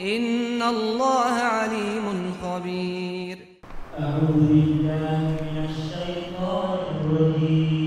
إن الله عليم خبير أعوذ بالله من الشيطان الرجيم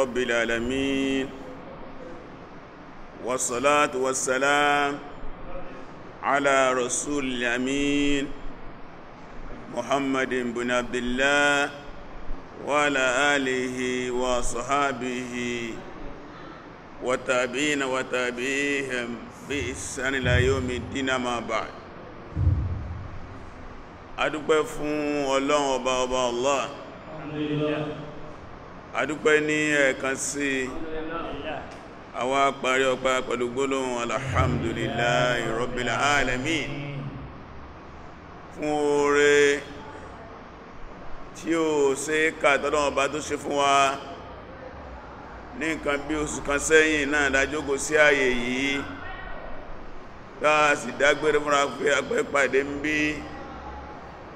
رب العالمين والصلاة والسلام على رسول الأمين محمد بن عبد الله وعلى آله وصحابه وتابعين وتابعيهم بإحسان إلى يوم الدين ما بعد adúpẹ́ fún ọlọ́run ọba ọba Allah adúpẹ́ ní ẹ̀ẹ̀kan sí àwọn parí ọpá pẹ̀lú gbólóhùn alhamdulillahi rabbil alamin fún oore tí ó ṣe kàtọ́lọ́wọ́ bá tó ṣe fún wa ní nǹkan bí oṣù kan sẹ́yìn náà dájókò sí ààyè yìí táà sì dágbére fúnra pé apẹ́ pàdé ń bí i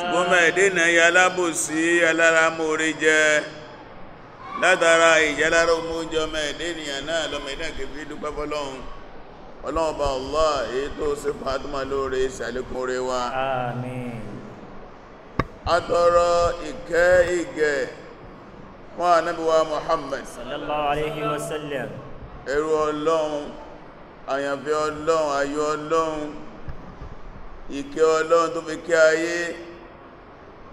ṣùgbọ́n mẹ́ẹ̀dẹ́nà ya alábòsí aláramóre jẹ́ látara ìjẹ́lára omóúnjọ mẹ́ẹ̀dẹ́nìyàn náà lọ́mẹ́dẹ́ kìfí dúpẹ́ fọ́lọ́hun ọlọ́run bá Allah èyí tó ṣe fàtúmà lóore ìṣàlékún rẹ wa àmín àtọrọ ìkẹ́ ìgẹ̀ fún ànábíwá Muhammad sallallahu alaihi wasallam ẹrú ọlọ́run àyànfẹ́ ọlọ́run ayọ̀ ọlọ́run ìkẹ́ ọlọ́run tó fi kí ayé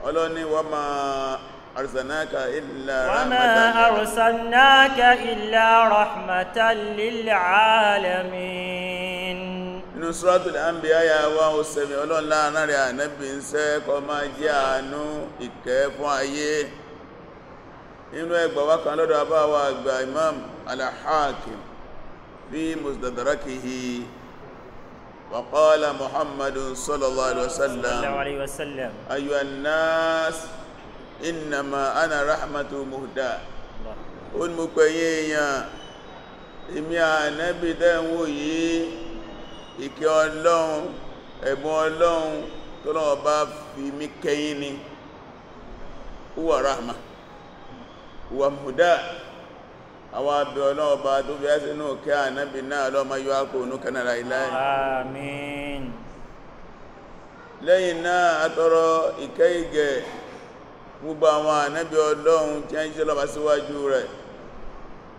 ọlọ́run ni wa ma arsalnaka illa rahmatan lil alamin inú suratul anbiya ya wá o sẹ́mi ọlọ́run láàrin rẹ̀ ànábì ń sẹ́ kọ máa jẹ́ àánú ìkẹ́ fún ayé inú ẹgbà wá lọ́dọ̀ abáwà àgbà imam al bí musdadarakihi وقال محمد صلى الله عليه وسلم صلى الله عليه وسلم أيها الناس إنما أنا رحمة مهدى ó ní mo pè yín èèyàn èmi ànábì tẹ́wọ́ yìí ìkẹ́ ọlọ́run ẹ̀bùn ọlọ́run tó lọ́wọ́ bá fi mí kẹ́yìn ni huwa rahma huwa muhda àwọn abẹ ọlọ́ọ̀bá tó bí ẹ́sìnú kẹ́ ànábì náà lọ́mọ yíó ákò ní kanára iláì àmín lẹ́yìn náà àtọrọ ìkẹ́ ìgẹ̀ gbogbo àwọn ànábì ọlọ́run tí a ń ṣe lọ́bá síwájú rẹ̀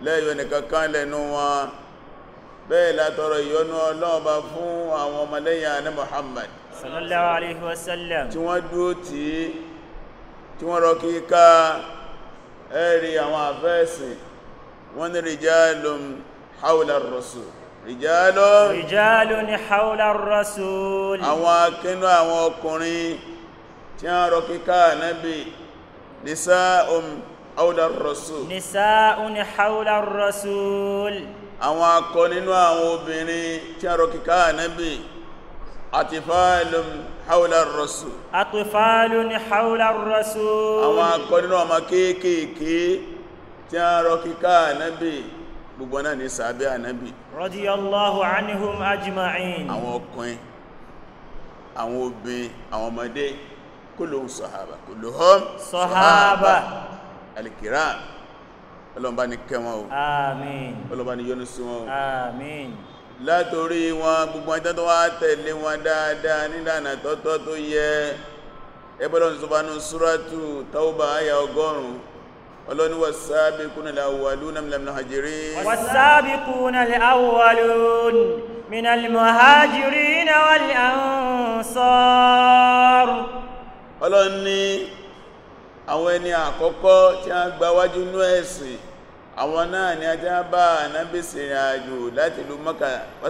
lẹ́yìn nìkankan lẹ́nu wọn bẹ́ẹ̀ wọ́n ni rijalun haula rasul rijalun rijalun haula rasul àwọn akínú àwọn ọkùnrin tí a rọ kíká nábi nisa'un haula rasul nisa'un haula rasul àwọn akọ nínú àwọn obìnrin tí a rọ kíká nábi àtìfààlùm haula rasul àtìfààlùm haula rasul àwọn akọ nínú ọmọ kéèkéèkéè tí a rọ kíká ànábì gbogbo náà ní sàábé ànábì radiyallahu anhum ajma'in àwọn ọkùnrin àwọn obìnrin àwọn ọmọdé kulluhum sahaba kulluhum sahaba al-kiram ọlọ́mbá ní kẹwọn o àmín ọlọ́mbá ní yọ́nú sí wọn o àmín látorí wọn gbogbo ẹjọ́ tó wá tẹ̀lé wọn dáadáa nílànà tọ́tọ́ tó yẹ ẹgbẹ́lọ́nà tó bá ní súrátù Tawba àyà ọgọ́rùn-ún ọlọ́ni wàsáàbíkún al'awwalun minal muhajirin wàsáàbíkún al'awwalun minal muhajirin wal ansar ọlọ́ni àwọn ẹni àkọ́kọ́ tí a gba wájú ní ẹ̀sìn àwọn náà ni a já bá Ànábì sìnrìn àjò láti ìlú Mákà wá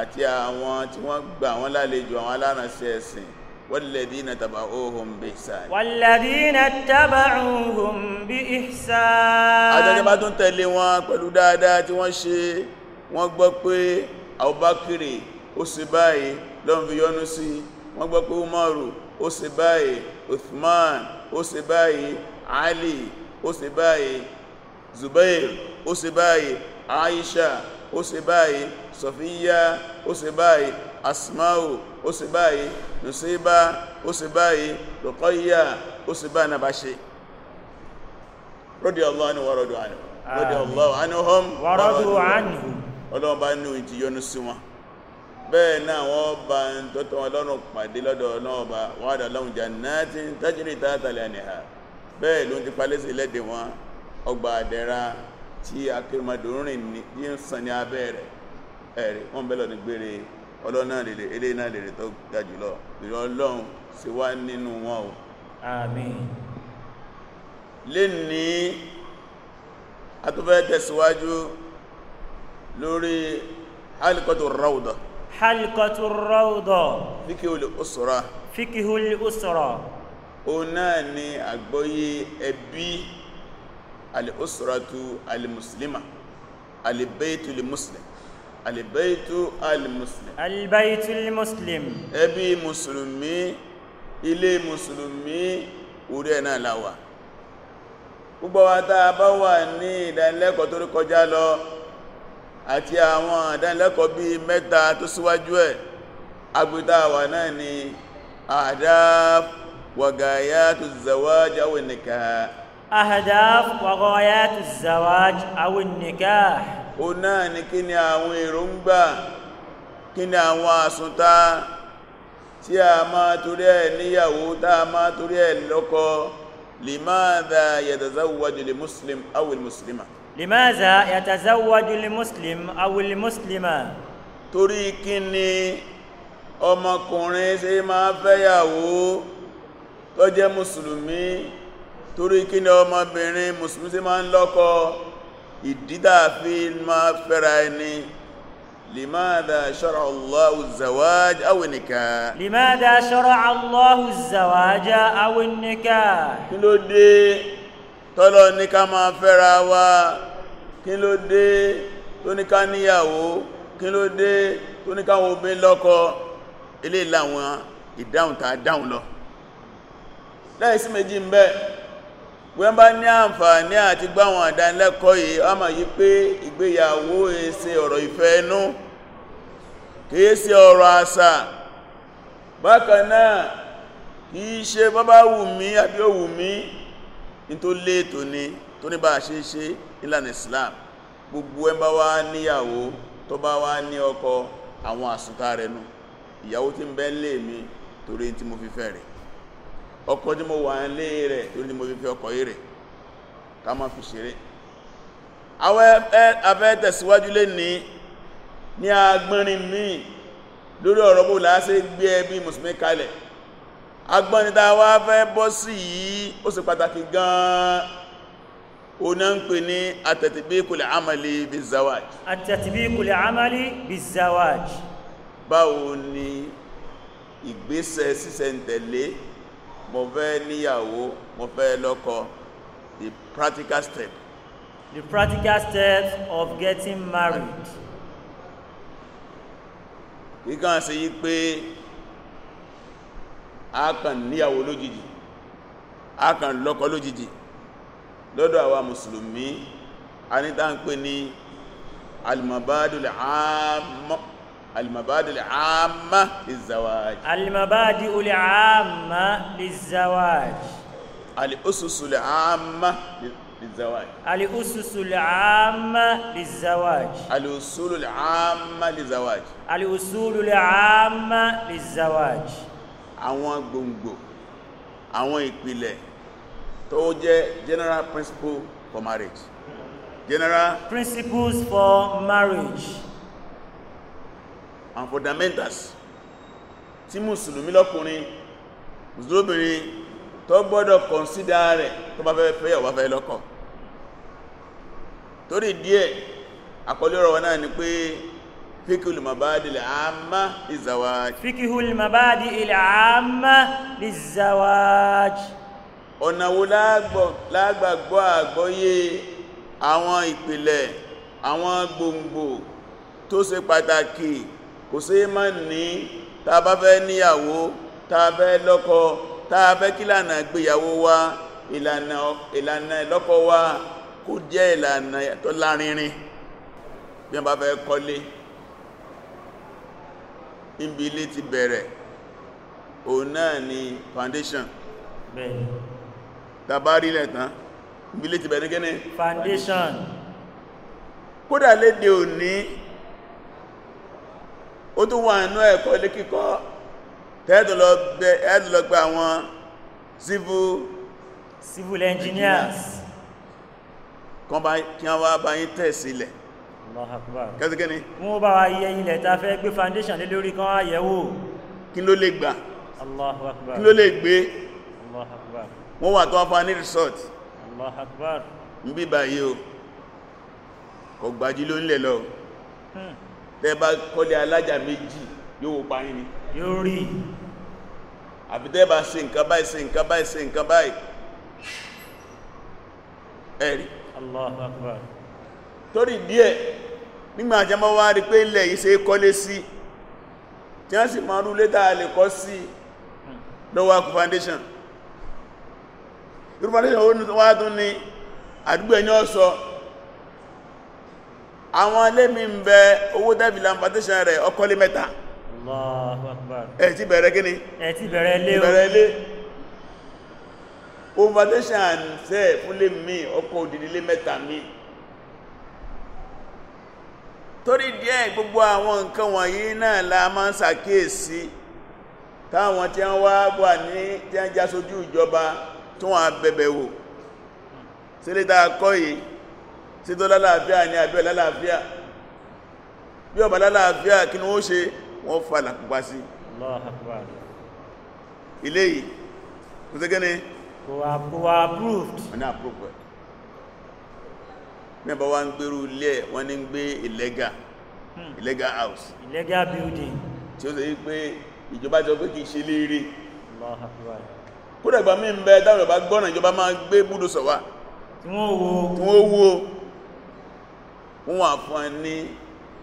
àti àwọn tí wọ́n gba àwọn lálejò àwọn alárànṣẹ́ ẹ̀sìn والذين تبعوهم بإحسان والذين تبعوهم بإحسان àtàwọn bá tún tẹ̀lé wọn pẹ̀lú dáadáa tí wọ́n ṣe wọ́n gbọ́ pé Abubakiri ó ṣe báyìí lọ́n fi yọ́nú sí wọ́n gbọ́ pé Umaru ó ṣe báyìí Uthman ó ṣe báyìí Ali ó ṣe báyìí Zubair ó ṣe báyìí Aisha ó ṣe báyìí Sofiya ó ṣe báyìí Asma'u ó sì báyìí nùsíbá ó sì báyìí lùkọ́yà ó sì bá nàbá ṣe radiyallahu anhu wa radu anhu radiyallahu anhum wa radu anhu ọlọ́run bá ní ìjì sí wọn bẹ́ẹ̀ náà wọ́n bá ń tọ́tọ́ ọlọ́run pàdé lọ́dọ̀ bá wádà lọ́run jannatin tajri tahta al bẹ́ẹ̀ ló ti palẹ́ sí wọn ọgbà tí rìn ní sàn ní abẹ́ rẹ̀ ẹ̀rẹ̀ wọ́n ọlọ́nà lèrè ilé iná lèrè tó ga jùlọ ìrọ ọlọ́run ṣe wá nínú wọn o àmín lè ní àtúfẹ́ tẹ̀síwájú lórí halqatu rawda halqatu rawda fíkihul usra fíkihul usra o náà ni àgbọ́yé ẹbí al-usratu al-muslima al albaitu almuslim albaitu almuslim ẹbí musulmi ilé musulmi orí ẹ̀nà láwà gbogbo wa tá a bá wà ní ìdánilẹ́kọ̀ọ́ tó kọjá lọ àti àwọn ìdánilẹ́kọ̀ọ́ bí mẹ́ta tó síwájú ẹ̀ agbẹ́ta wà náà ni àdáf wàgáyàtù zawaj awin nikah àdáf wàgáyàtù zawaj awin nikah ó náà ni kí ni àwọn èròǹgbà kí ni àwọn àsùntá tí a máa torí ẹ̀ níyàwó tá a máa torí ẹ̀ lọ́kọ limadha yatazawwaju li muslim awil muslima limadha yatazawwaju li muslim awil muslima torí kí ni ọmọkùnrin ṣe máa fẹ́yàwó tó jẹ́ mùsùlùmí torí kí ni ọmọbìnrin mùsùlùmí ṣe máa ń lọ́kọ ìdídá fi máa fẹ́ra ẹni لماذا شرع الله الزواج أو النكاح لماذا شرع الله الزواج أو النكاح kí ló dé tọ́lọ ní ká máa fẹ́ra wa kí ló dé tó ní ká níyàwó kí ló dé tó ní ká obin lọ́kọ ilé ìlàwọn ìdáhùn tàà dáhùn lọ láìsí méjì ń bẹ́ẹ̀ wọ́n bá ní àǹfààní àti gbáwọn àdánilẹ́kọ̀ọ́ yìí a máa yí pé ìgbéyàwó èsẹ e ọ̀rọ̀ ìfẹ́ ẹnú kìí ṣe ọ̀rọ̀ àṣà bákan náà kìí ṣe bàbá wù mí àbí ó wù mí ní tó lé ètò ni tó ní bá ṣe ṣe ìlànà Islam gbogbo ẹ bá wá níyàwó tó bá wá ní ọkọ àwọn àsùntà rẹ̀ nù ìyàwó tí ń bẹ lé mi torí tí mo fi fẹ́ rẹ̀ ọkọ̀ tí mo wà ń lé rẹ̀ tó ní mo fi fi ọkọ̀ yìí rẹ̀ ká má fi ṣeré àwọn afẹ́ tẹ̀síwájú lé ní ní agbọ́nrin míì lórí ọ̀rọ̀ bó láásẹ́ gbé ẹbí mùsùlùmí kalẹ̀ agbọ́nrin tá wá fẹ́ bọ́ sí yìí ó sì pàtàkì gan-an ó náà ń pè ní àtẹ̀tìbíkùlẹ̀ amali bizawaj àtẹ̀tìbíkùlẹ̀ amali bizawaj báwo ni ìgbésẹ̀ sísẹ̀ntẹ̀lé mo fẹ́ níyàwó mo fẹ́ lọ́kọ the practical step. the practical steps of getting married. kíkàn sí yí pé a kàn níyàwó lójijì a kàn lọ́kọ lójijì lọ́dọ̀ àwa mùsùlùmí a ní tá ń pè ní al-mabadul المبادئ العامة للزواج المبادئ العامة للزواج الأسس العامة للزواج الأسس العامة للزواج الأصول العامة للزواج الأصول العامة للزواج àwọn gbòǹgbò àwọn ìpìlẹ̀ tó jẹ́ general principle for marriage general principles for marriage and fundamentals tí mùsùlùmí lọ́kùnrin mùsùlùmí tó gbọ́dọ̀ consider rẹ̀ tó bá fẹ́ fẹ́ ọ̀wá fẹ́ lọ́kọ torí díẹ̀ àkọlé ọ̀rọ̀ wọn náà ni pé fíkihul mabadi al'amma lizawaj fíkihul mabadi al'amma lizawaj ọ̀nà wo lágbàgbọ́ kò sí má ní tá a bá fẹ́ níyàwó tá a fẹ́ lọ́kọ tá a fẹ́ kílànà gbéyàwó wa ìlànà ìlànà ìlọ́kọ wa kó jẹ́ ìlànà tó lárinrin bí wọ́n bá fẹ́ kọ́lé níbi ilé ti bẹ̀rẹ̀ òun náà ni foundation bẹ́ẹ̀ tàbárí lẹ́tàn níbi ilé ti bẹ̀rẹ̀ gẹ́ni foundation kódà léde òní ó tún wà nínú ẹ̀kọ́ ilé kíkọ́ tẹ́ẹ̀dọ̀lọ́gbà àwọn civil civil engineers kan bá kí a wá bá yí tẹ̀ sílẹ̀ kẹ́sìkẹ́ni wọ́n bá wá yẹ ilẹ̀ ta fẹ́ gbé foundation lé lórí kan àyẹ̀wò kí ló lè gbà kí ló lè gbé wọ́n wà tó wá fún ní resort ń bí báyìí o kò gbájú ló tẹ́bá kọ́lé alájà méjì yóò wó parí ni yóò rí àbí tẹ́bá ṣe nǹkan báyìí ṣe nǹkan báyìí ṣe nǹkan báyìí ẹ̀rí Allahu Akbar torí díẹ̀ nígbà àjẹmọ́ wá rí pé ilẹ̀ yìí ṣe kọ́lé sí tí wọ́n sì máa rú létà lè kọ́ sí foundation irú foundation wá tún ní àdúgbò àwọn alémi ń bẹ owó dẹ́bì lampation rẹ̀ ọkọ́lé mẹ́ta Allahu Akbar ẹ ti bẹ̀rẹ̀ kíni ẹ ti bẹ̀rẹ̀ lé ovation sẹ́ fúnlé mi ọkọ̀ òdìdílé mẹ́ta mi torí díẹ̀ gbogbo àwọn nǹkan wọ̀nyí náà la máa ń ṣàkíyèsí táwọn tí wọ́n wá wà ní tí wọ́n já sójú ìjọba tó wọ́n bẹ̀bẹ̀ wò sílé tàà kọ́ yìí sí tó lálàáfíà ní àbí ọ̀lálàáfíà bí ọba lálàáfíà kí ni ó ṣe wọ́n fà làkùpá sí ilé yìí kò sí gẹ́ni kò wà approved wọ́n approved mẹ́bà wá ń gbérú ilé wọ́n ní ń gbé illegal hmm. illegal house illegal building tí ó sì rí pé ìjọba jọ pé kìí ṣe léèrè kúrẹ̀gbà mí ń bẹ dáwọn ìjọba gbọ́nà ìjọba máa gbé búdó sọ̀wà tí wọ́n wo wọ́n wà fún ẹ ní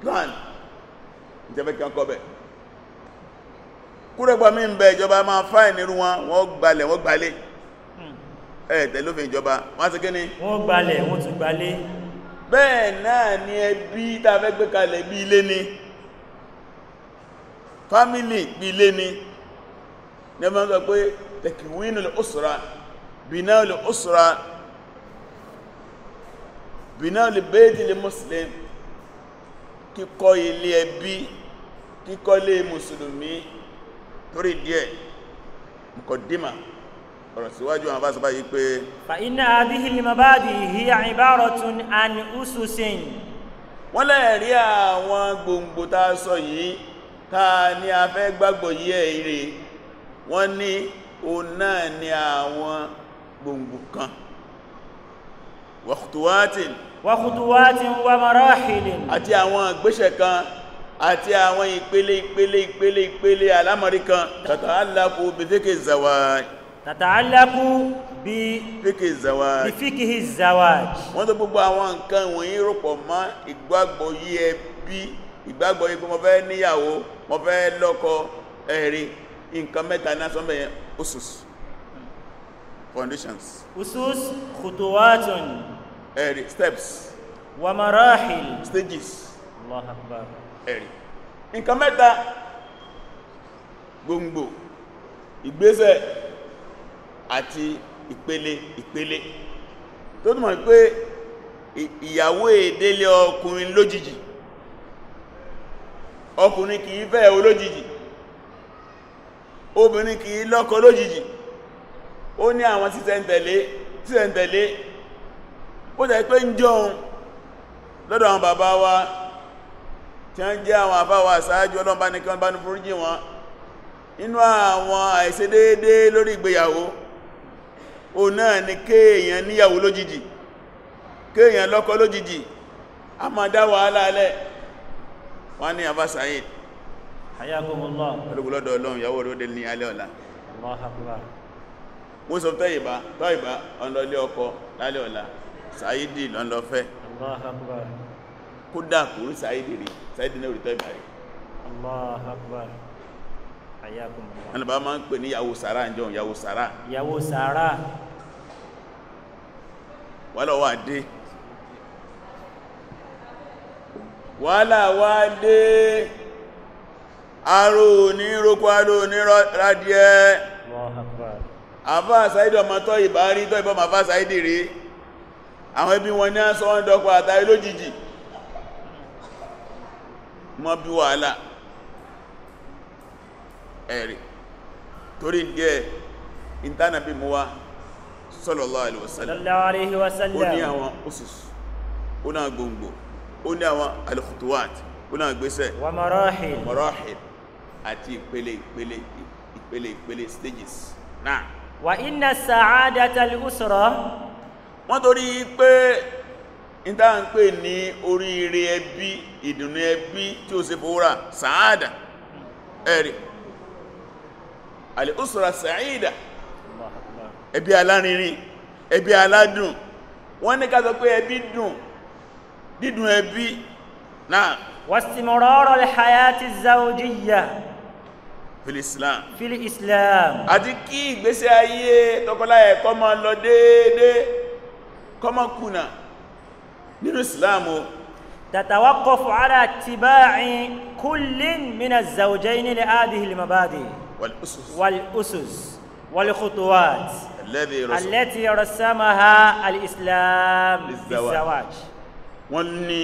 plan ìjẹ́fẹ́ kí wọ́n kọ́ bẹ̀ kúrẹ́gbà mí ń bẹ ìjọba máa fáì nírú wọn wọ́n gbalẹ̀ wọ́n gbalẹ̀ hmm. wọ́n ti wọ́n gbalẹ̀ wọ́n ti gbalẹ̀ bẹ́ẹ̀ náà ni ẹbí tàbẹ́ gbé kalẹ̀ bí ilé ni fámílì bí ilé ni ní ọmọ sọ pé tẹ̀kìwínú lè ó ó bìnà lè bẹ́ẹ̀dì lè muslim kíkọ́ ilé ẹbí kíkọ́ lè mùsùlùmí torí díẹ̀ mùkọ̀dímà ọ̀rọ̀ síwájú àwọn bá yí pé fa inna hadhihi al-mabadi hiya ibaratun an ususin wọ́n lẹ́ẹ̀rí àwọn gbòǹgbò tá sọ yìí tá a a fẹ́ gbàgbọ́ yí ẹ̀rí wọ́n ní o náà ní àwọn gbòǹgbò kan waqtuwatin wa khutuwatin wa marahilin àti àwọn ìgbésẹ̀ kan àti àwọn ìpele ìpele ìpele ìpele alámọ̀rí kan tàtàlákù bí fíkì zawaj tàtàlákù bí fíkì zawaj bí fíkì zawaj wọ́n tó gbogbo àwọn nǹkan wọ̀nyí rọ̀pọ̀ mọ́ ìgbàgbọ́ yí ẹbí ìgbàgbọ́ yí pé mẹ́ta ní asọ́mọ̀ usus conditions usus khutuwatun Eri steps wa marahil stages Allah akbar ẹ̀rí nǹkan mẹ́ta gbòǹgbò ìgbésẹ̀ àti ìpele ìpele tó túnmọ̀ pé ìyàwó èdèlé ọkùnrin lójijì ọkùnrin kìí fẹ́ olójijì obìnrin kìí lọ́kọ lójijì ó ní àwọn sísẹ̀ntẹ̀lé sísẹ̀ntẹ̀lé ó jẹ́ pé ń jọun lọ́dọ̀ àwọn bàbá wa tí wọ́n jẹ́ àwọn àbáwà sáájú ọlọ́mbá ní kí bá ní fúrújì wọn inú àwọn àìṣedéédé lórí ìgbéyàwó o náà ni kéèyàn níyàwó lójijì kéèyàn lọ́kọ́ lójijì a ma dá wàhálà alẹ́ wọ́n ni àbá Said hayakumullah olùgbòlọ́dọ̀ sáyédì lọ́nlọ́fẹ́ Allahu Akbar kódà kò rí sáyédì rí sáyédì náà rí tọ́ ìbàrí Allahu Akbar ayakumullah ẹnàbá máa ń pè ní yàwó sàrá ìjọ yàwó sàrá yàwó sàrá wàhálà wà dé wàhálà wà dé arò ní rókò arò ní rádìẹ́ Allahu Akbar àfáà sáyédì ọmọ tọ́ ìbárí tọ́ ìbọ́mọ̀ àfáà sáyédì rí àwọn ẹbí wọn ní àṣọ wọn dọ́kọ̀ àtàrí lójijì mọ́ bí wàhálà ẹ̀rì torí díẹ̀ ìntánàbí mú wá sallallahu alaihi wasallam ó ní àwọn usus ó náà gbòǹgbò ó ní àwọn al-khutuwat ó náà gbésẹ̀ wa marahil marahil àti ìpele ìpele ìpele ìpele stages náà wa inna sa'adatal usra wọ́n torí pé ìta ń pè ní oríire ẹbí ìdùnnú ẹbí tí ó ṣe fòórà sàádà ẹ̀rì alìúsùra sàídà ẹbí alárinrin ẹbí aládùn wọ́n ní ká sọ pé ẹbí dùn dídùn ẹbí náà wàsìmọ̀rọ̀rọ̀ alhayati zaujiyya fil islam fil islam àti kí ìgbésẹ̀ ayé tọkọláyẹ̀ kó máa lọ déédéé kọmọ kùnà nínú islamu tàtàwàkọ̀fù ara tiba'in kullin mina zawjaini li hadhihi al-mabadi wal usus wal khutuwat allati rasamaha al-islam bizawaj wọ́n ní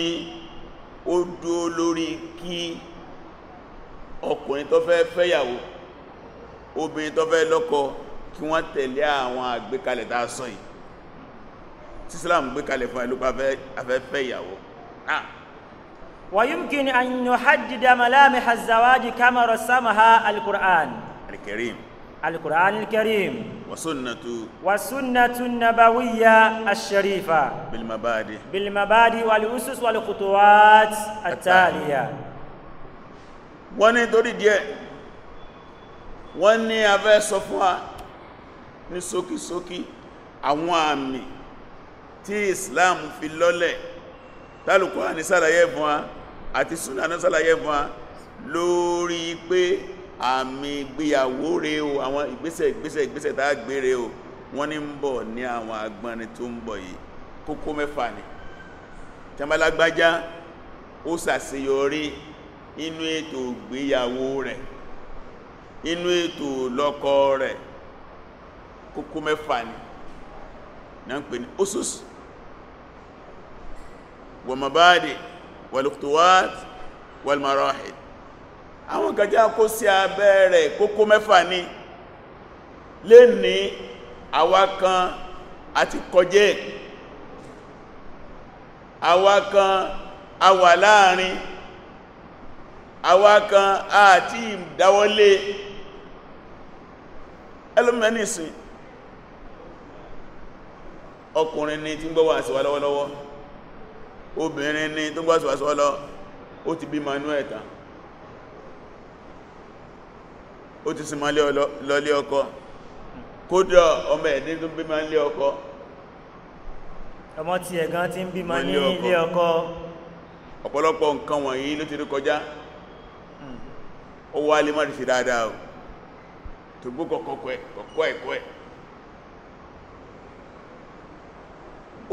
ó dúó lórí kí ọkùnrin tó fẹ́ fẹ́yàwó obìnrin tó fẹ́ lọ́kọ kí wọ́n tẹ̀lé àwọn àgbékalẹ̀ tá sọ yìí tí Islam gbé kalẹ̀ fún ẹlú afẹ́fẹ́ ìyàwó náà ويمكن أن يحدد ملامح الزواج كما رسمها القرآن الكريم القرآن الكريم وسنة وسنة النبوية الشريفة بالمبادئ بالمبادئ والأسس والخطوات التالية wọ́n ní torí díẹ̀ wọ́n ní afẹ́ sọ fún wa ní ṣókíṣókí àwọn àmì tí Islam fi lọ́lẹ̀ tálùkọ́ ní sàlàyé fún wa àti súnà ní sàlàyé fún wa lórí pé àmì ìgbéyàwó rẹ̀ o àwọn ìgbésẹ̀ ìgbésẹ̀ ìgbésẹ̀ tá gbé rẹ̀ o wọ́n ní ń bọ̀ ní àwọn agbọ́nrin tó ń bọ̀ yìí kókó mẹ́fà ni tẹ́mọ́lágbájá ó ṣàṣeyọrí inú ètò ìgbéyàwó rẹ̀ inú ètò lọ́kọ rẹ̀ kókó mẹ́fà ni na ń pè ní osus wàmàbáàdì wàlùkùtùwàt wàlùmọ̀rọ̀hì àwọn kàjá kó sí abẹ́ rẹ̀ kókó mẹ́fà ní lè ní àwakan àti kọjẹ́ àwakan àwà láàrin àwakan àti ìdáwọlé ẹlùmẹ́nìsìn ọkùnrin ni tí ń gbọ́wà sí wa lọ́wọ́lọ́wọ́ obìnrin ni tó gbọ́ síwàsíwà lọ ó ti bí manú ẹ̀ta ó ti sin máa lọ́lé ọkọ kódọ̀ ọmọ ẹ̀dín tó bí máa lé ọkọ ọmọ tí ẹ̀gán ti ń bí máa ní ilé ọkọ ọ̀pọ̀lọpọ̀ nǹkan wọ̀nyí ló ti rí kọjá hmm. ó wá lè má rí sí dáadáa ò tó gbó kọ̀kọ́ ẹ̀kọ́ ẹ̀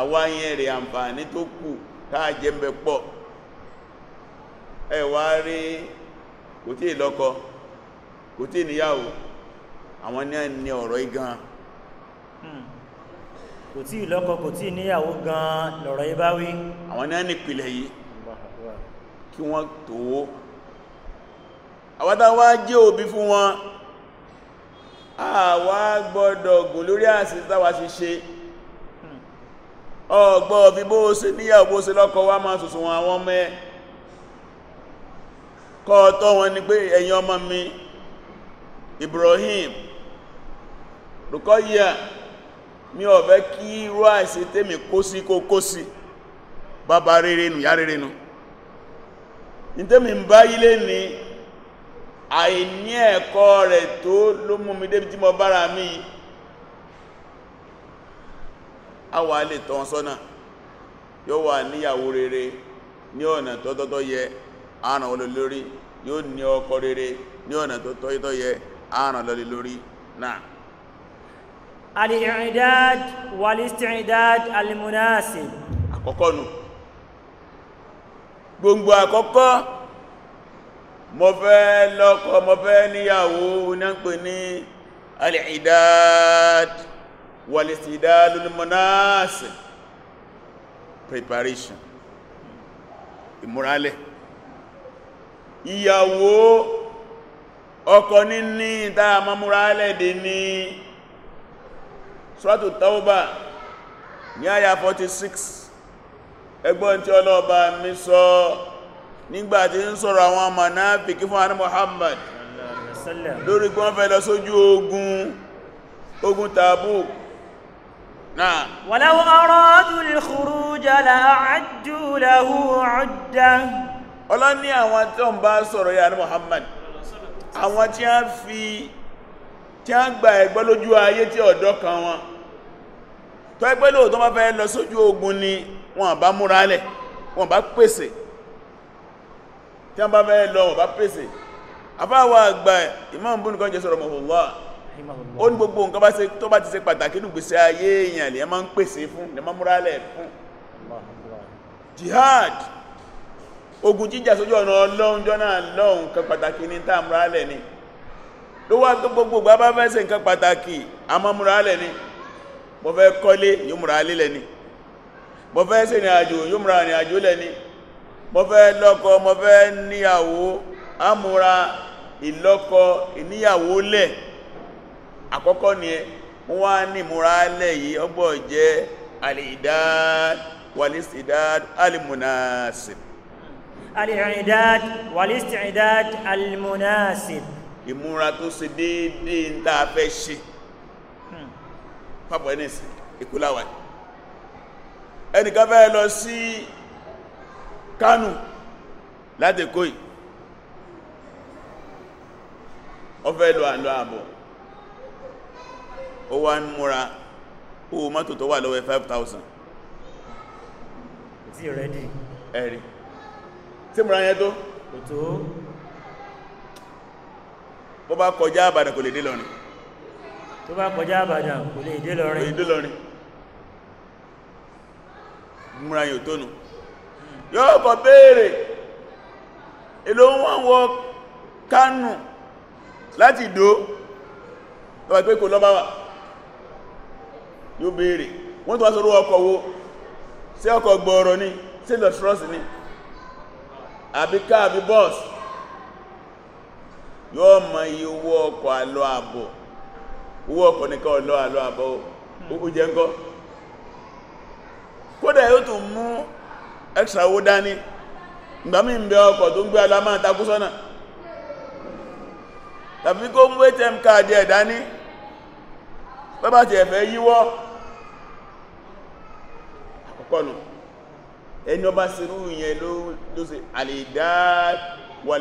àwáyẹn rẹ̀ àǹfààní tó kù káà jẹ́ ń bẹ pọ̀ ẹ wá rí kò tí ìlọ́kọ kò tí ìníyàwó àwọn ní ẹni ọ̀rọ̀ igan hmm. kò tí ìlọ́kọ kò tí ìníyàwó gan lọ̀rọ̀ ibáwí àwọn ní ẹni pìlẹ̀ yìí kí wọ́n tó àwádá wá jẹ́ òbí fún wọn àwa gbọ́dọ̀ gùn lórí àsìsáwà ṣiṣẹ́ ọgbọ́ fi bó ṣe níyàwó ṣe lọ́kọ wá máa sùsùn wọn àwọn ọmọ ẹ kọ́ tọ́ wọn ni pé ẹ̀yin ọmọ mi Ibrahim Rukọ́yà mi ò fẹ́ kí irú àìsí tèmi kó sí kó kó sí bàbá rere nù yá rere nù ní tèmi ń bá ilé ní àìní ẹ̀kọ́ rẹ̀ tó ló mú mi débi tí mo bára mi a wà lè tọ́ sọ́nà yóò wà níyàwó rere ní ọ̀nà tọ́tọ́tọ́ yẹ àrùn olè yóò ní ọkọ rere ní ọ̀nà tọ́tọ́tọ́ yẹ àrùn olè náà al-i'dad wal àkọ́kọ́ nù gbogbo àkọ́kọ́ mo fẹ́ lọ́kọ mo fẹ́ níyàwó náà pè ní al wàlìsìdálul mọ́náàsì preparation ìmúralẹ̀ ìyàwó ọkọ níní dáa mọ́múralẹ̀ dì ní ṣúrátù Tawba ní àyà 46 ẹgbọ́n tí ọlọ́ọ̀bá mi sọ nígbàtí ń sọ̀rọ̀ àwọn mọ̀náàfikí fún àní Muhammad lórí gbọ́n fẹ́ lọ sójú ogun ogun Tabuk ولو أرادوا الخروج لأعدوا له عدة ọlọ́n ní àwọn tí ó ń bá sọ̀rọ̀ ya ní Muhammad àwọn tí a fi tí a gba ẹgbẹ́ lójú ayé tí ọ̀dọ́ kan wọn tó ẹgbẹ́ lóòtọ́ bá fẹ́ lọ sójú ogun ni wọ́n bá múra lẹ̀ wọ́n bá pèsè tí a bá fẹ́ lọ wọ́n bá pèsè afáwà àgbà Imam Ibn Qayyim sọ̀rọ̀ mọ̀hùnlọ́wọ́ ó ní gbogbo nǹkan bá ṣe tó bá ti ṣe pàtàkì ní gbèsè ayé èèyàn lè máa ń pèsè fún lè máa múrálẹ̀ fún jihad ogun jíjà sójú ọ̀nà ọlọ́run jọ́nà lọ́hun kan pàtàkì ní tá múrálẹ̀ ni ló wá tó gbogbo gbà bá fẹ́ ṣe nǹkan pàtàkì a máa múrálẹ̀ ni mo fẹ́ kọ́lé yóò múrálẹ̀ lẹ́ni mo fẹ́ ṣe ní àjò yóò múra ní àjò lẹ́ni mo fẹ́ lọ́kọ mo fẹ́ níyàwó amúra ìlọ́kọ ìníyàwó lẹ́ni àkọ́kọ́ ni ẹ wọ́n ní múra ọgbọ ọgbọ́ jẹ́ alìdáàd wàlìsìdáàd alìmùnásìb ìmúra tó ṣe déédé ń tàà fẹ́ ṣe hmm. pápọ̀ ẹnìsì ìkúláwà ẹnìkan fẹ́ lọ sí láti kóì ọ fẹ́ lọ àlọ́ àbọ̀ ó wá ń múra owó mọ́tò tó wà lọ́wọ́ 5,000 tí rẹ̀dì ẹ̀rì tí múra yẹn tó kò tó bó bá kọjá àbàdàn kò lè dé lọ́rin tó bá kọjá àbàdàn kò lè dé lọ́rin kò lè dé lọ́rin múra yóò tónù yóò kọ béèrè èlò wọ́n wọ Kánò láti Ìdó lọ́wọ́ pé kò lọ́bá wà yóò béèrè wọ́n tó wá sọ́rọ̀ ọkọ̀ wo sí ọkọ̀ gbọ́ọ̀rọ̀ ni sí lọ trọ́sì ní àbí ká àbí bọ́ọ̀sì yóò mọ iye owó ọkọ̀ àlọ àbọ̀ owó ọkọ̀ nìkan ọlọ àlọ àbọ̀ ó jẹ́ ńkọ́ kódà yóò tún mú extra owó dání ń bẹ ọkọ̀ tó ń gbé alámà takú sọ́nà tàbí kó púpọ̀ nù ẹni ọba sínú yẹn ló ṣe alìdáàdù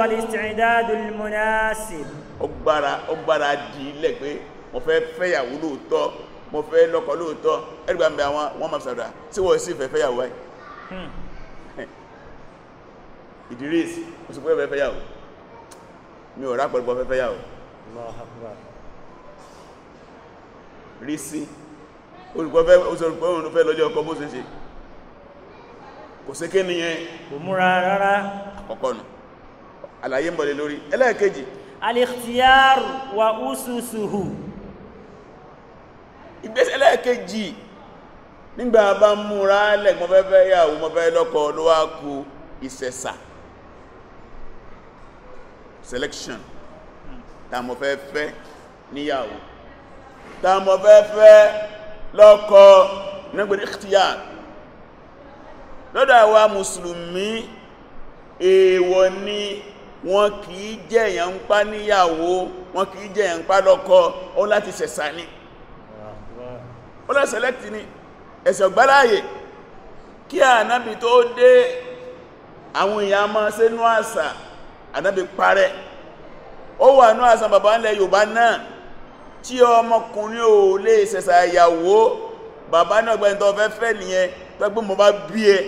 alìmùnásì ọgbára dì ilẹ̀ pé mo fẹ́ fẹ́yàwó lóòtọ́ mo fẹ́ lọ́kọ lóòtọ́ ẹgbà mẹ́ àwọn wọn ma sàdà tí wọ́n sì fẹ́ fẹ́yàwó ẹ̀ Idris òsùpọ̀ fẹ́ fẹ́yàwó mi ò rápẹ̀lú fẹ́ rí sí olùpọ̀fẹ́ òṣèrùpọ̀ òun fẹ́ lọ́jọ́ ọkọ̀ bó ṣe ṣe kò sí kí ni yẹn kò múra rárá àkọ́kọ́ nù àlàyé ń bọ̀lẹ̀ lórí ẹlẹ́ẹ̀kejì al-ikhtiyar wa ususuhu ìgbésẹ̀ ẹlẹ́ẹ̀kejì nígbà bá múra lẹ̀ mọ́ fẹ́ fẹ́ yàwó mọ́ fẹ́ selection tá mọ́ fe fẹ́ níyàwó tá mọ́ fẹ́ fẹ́ lọ́kọ́ nígbèrè ìkìtíyà lọ́dọ̀ àwa mùsùlùmí èèwọ̀ ni wọn kìí jẹ́ èyàn ń pá níyàwó wọn kìí jẹ́ èyàn ń pá lọ́kọ ó láti sẹ̀sà ní ó láti sẹ̀lẹ́kì ní ẹ̀sẹ̀ ọ̀gbáláyè kí ànábì tó dé àwọn èèyàn mọ́ sínú àṣà ànábì parẹ́ ó wà ní àṣà bàbá ńlẹ̀ Yorùbá náà tí ọmọkùnrin ò lè ṣẹ̀ṣà ìyàwó bàbá náà gbẹ́ni tó fẹ́ fẹ́ nìyẹn tó gbé mọ́ bá bí ẹ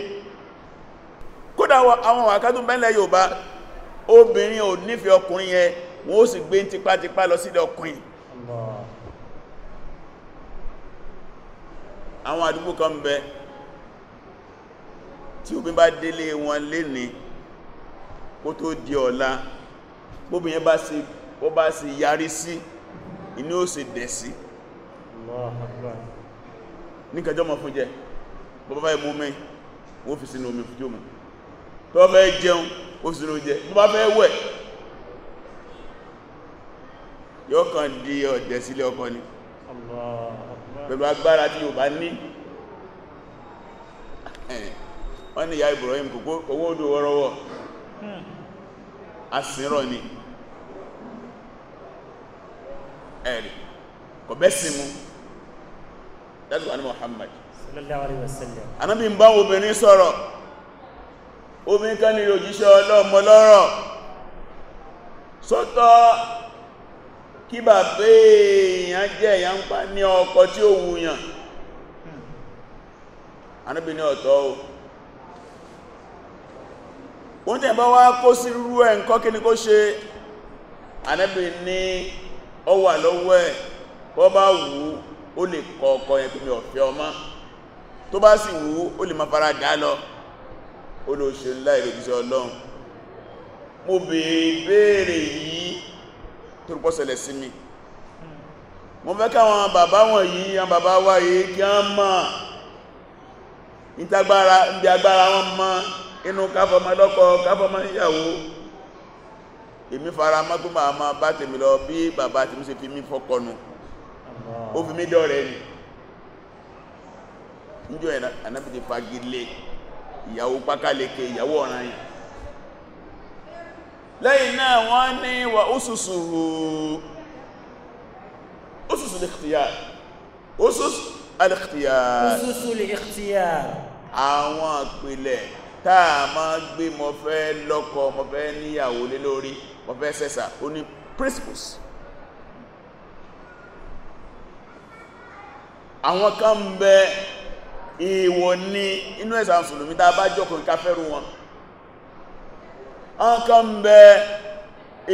kódà àwọn wàkátù mẹ́lẹ̀ Yorùbá obìnrin ò nífẹ̀ẹ́ ọkùnrin yẹn wọ́n ó sì gbé tipátipá lọ sílẹ̀ ọkùnrin àwọn àdúgbò kan bẹ tí obìnrin bá délé wọn léni kó tó di ọ̀la bóbìnrin bá sì yarí sí si inú ó ṣe dẹ̀ sí ní kẹjọ́ mọ̀ fún jẹ bọ́bá ẹmú mẹ́ wọ́n fi sínú omi fún jọmọ̀ tó bá fẹ́ jẹun ó sínú jẹ bọ́bá fẹ́ wẹ̀ yóò kàn di ọ̀dẹ̀ sílé ọkọ ni pẹ̀lú agbára tí yóò bá ní wọ́n ni ìyá Ibrahim kòkó owó odò wọ́rọ́wọ́ hmm. asìnrọ̀ ni Eri kò bẹ́sìn mú dájú àní Muhammad sallallahu alaihi wasallam anábì ń bá obìnrin sọ̀rọ̀ obìnrin kan ní òjíṣẹ́ ọlọ́mọ èèyàn jẹ́ èèyàn ń pa ní ọkọ tí ó wùyàn anábì ní o bá wá kó sí ẹ̀ ń ni ọ wà lọ́wọ́ ẹ̀ bọ́ bá wù ú ó lè kọ ọkọ yẹn pé mi ọ̀fẹ́ ọmọ tó bá sì wù ú ó lè máa fara dá lọ ó lè ṣe ńlá ìròjíṣẹ́ ọlọ́run mo bèèrè yìí tó rúpọ́ ṣẹlẹ̀ sí mi mo fẹ́ káwọn bàbá wọn àwọn bàbá wa yìí kí á mọ̀ ìtagbára ìbí agbára wọn mọ́ inú káfọmọlọ́kọ káfọmọ èmi fara mọ́ tó máa máa bá tèmi lọ bí bàbá tí mú ṣe fi mí fọ́kọnù ó fi mí dọ́rẹ̀ ni níjọ́ Ànábì ti fagilé ìyàwó pákáleke ìyàwó ọ̀ràn yìí lẹ́yìn náà wọ́n ní wà úsùsù àwọn ìpìlẹ̀ táà máa gbé mo fẹ́ lọ́kọ níyàwó lé lórí wọ́n fẹ́ sẹ́sà ó ní principles àwọn kan ń bẹ ìwọ̀ ní inú ẹ̀sà mùsùlùmí tá a bá jọkùnrin ká fẹ́rù wọn àwọn kan ń bẹ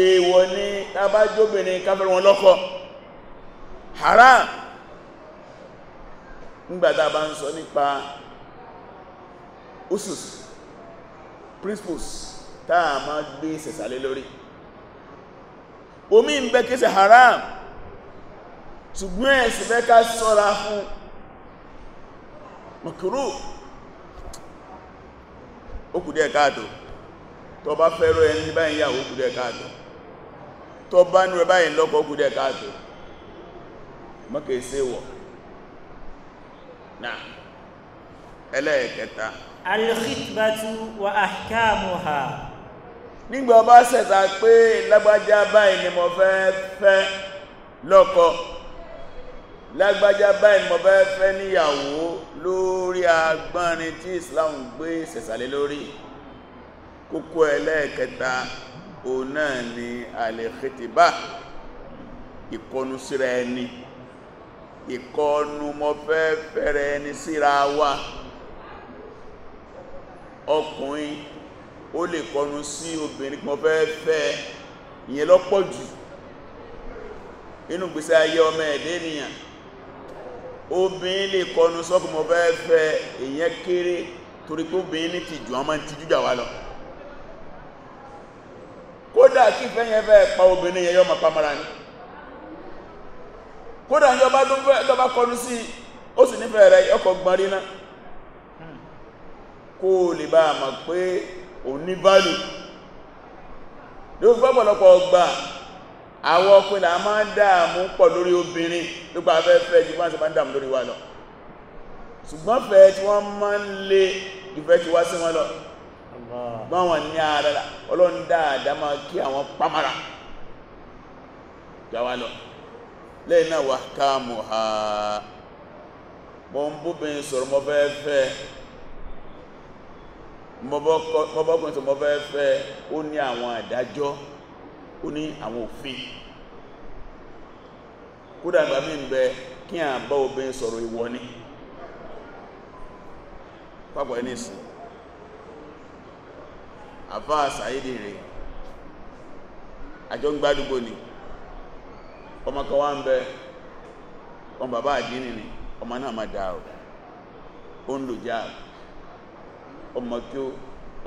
ìwọ̀ ní tá a bá jóbìnrin ká fẹ́rù wọn lọ́kọ haram nígbàtà bá ń sọ nípa usus principles tá a máa gbé sẹ̀sàlé lórí omi ń haram ṣùgbọ́n ẹ̀sìn fẹ́ ká sọ́ra fún makuru ó kù díẹ̀ bá fẹ́rọ ẹni báyìí yàwó ó kù díẹ̀ maka ise bá ní rẹ báyìí lọ́kọ ó kù díẹ̀ nígbà ọba ṣẹ̀ṣà pé lágbájá báyìí ni mo fẹ́ fẹ́ lọ́kọ lágbájá báyìí mo fẹ́ fẹ́ níyàwó lórí agbọ́nrin tí Islam gbé ṣẹ̀ṣàlé lórí kókó ẹlẹ́ẹ̀kẹta òun náà ni alẹ́kẹtìbá ìkọnu síra ẹni ìkọnu mo fẹ́ fẹ́rẹ̀ ẹni síra wa ọkùnrin ó lè kọnu sí obìnrin kan fẹ́ fẹ́ ìyẹn lọ́pọ̀ jù inú gbèsè ayé ọmọ ẹ̀dẹ́ ènìyàn obìnrin lè kọnu sọ́kùnmọ̀ fẹ́ fẹ́ ìyẹn kéré torí pé obìnrin ti jù ọmọ ti jújà wá lọ kódà kí fẹ́ fẹ́ pa obìnrin yẹn pamara ni kódà ní ọba tó fẹ́ tọba kọnu sí ó sì nífẹ̀ẹ́ rẹ̀ ọkọ̀ òní válù ló gbọ́pọ̀lọpọ̀ ọgbà àwọn ọkùnrin la máa ń dáàmú pọ̀ lórí obìnrin ló pa afẹ́fẹ́ jù máa ń ṣe máa ń dáàmú lórí wa lọ ṣùgbọ́n fẹ́ tí wọ́n máa ń lè ìfẹ́ ti wá sí wọn lọ gbọ́n wọn ní ara ọlọ́run dáadáa máa kí àwọn pàmàrà jáwá lọ lẹ́yìn náà wà káàmù ha mọ́ ń bóbin sọ̀rọ̀ mọ́ fẹ́ẹ́fẹ́ mọ́bọ́kùnrin tó mọ́ fẹ́ ó ní àwọn ni pápọ̀ ẹni sí àfá àsàyédè rẹ̀ àjọ ń gbádùgbò ni ọmọkọ wá ń bẹ ọmọ bàbá àdínì ni ọmọ náà ọmọ kí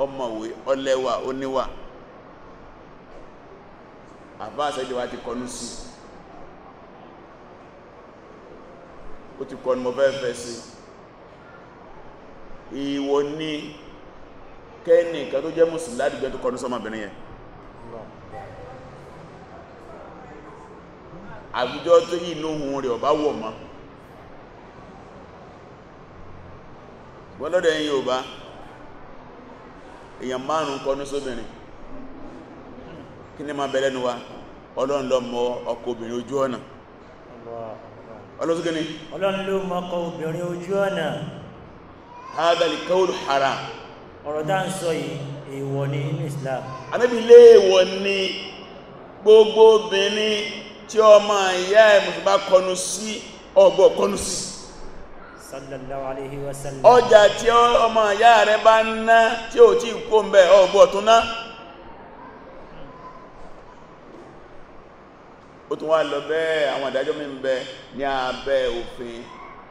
ọmọwé ọlẹ́wà oníwà àbá àṣẹ́jọwà ti kọnu sí ó ti kọnu mọ́ fẹ́fẹ́ sí ìwọ ní kẹ́ẹ̀nì kan tó jẹ́ mùsùlùmí ládìgbẹ́ tó kọnu sọmọbìnrin yẹn àwùjọ tó yìí lóhun rẹ̀ ọ̀bá wọ̀ mọ́ gbọ́lọ́dẹ̀ yìí ò bá èèyàn márùn-ún kọnú sóbìnrin kí ní máa bẹ̀lẹ́nu wa ọlọ́run ló mọ ọkọ obìnrin ojú ọ̀nà ọlọ́sùgbẹ́ni ọlọ́run ló mọ ọkọ obìnrin ojú ọ̀nà hadhal qawl ọjà tí ọmọ ìyá rẹ bá ń ná tí ò tí kó ń bẹ ọgbọ̀ tó ná ó tún wá lọ bẹ́ẹ̀ àwọn àdájọ́ mi ń bẹ ní abẹ́ òfin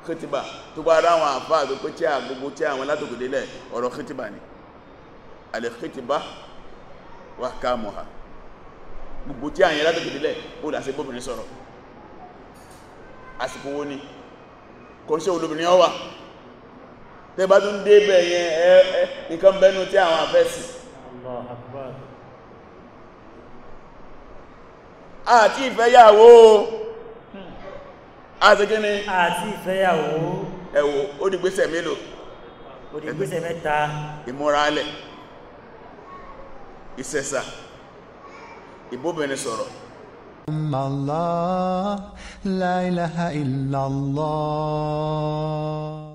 kìtìbà tó bá rá àwọn àfáà tó pé tí àgbogbo tí àwọn látòkèdélẹ̀ ọ̀rọ̀ kìtìbà ni alẹ́ kìtìbà wà ká gbogbo tí àyẹ̀ látòkèdélẹ̀ ó dà sí bóbìnrin sọ̀rọ̀ àsìkò wo ni kò ṣe olóbìnrin ọwà tẹ bá tún dé bẹ̀ yẹn ẹ nǹkan bẹnu tí àwọn àfẹ́sì àti ìfẹ́yàwó àti kíni àti ìfẹ́yàwó ẹ̀wò ó di gbésẹ̀ mélòó ó di gbésẹ̀ mẹ́ta ìmúra alẹ̀ ìsẹ̀sà ìbóbìnrin sọ̀rọ̀ الله لا إله إلا الله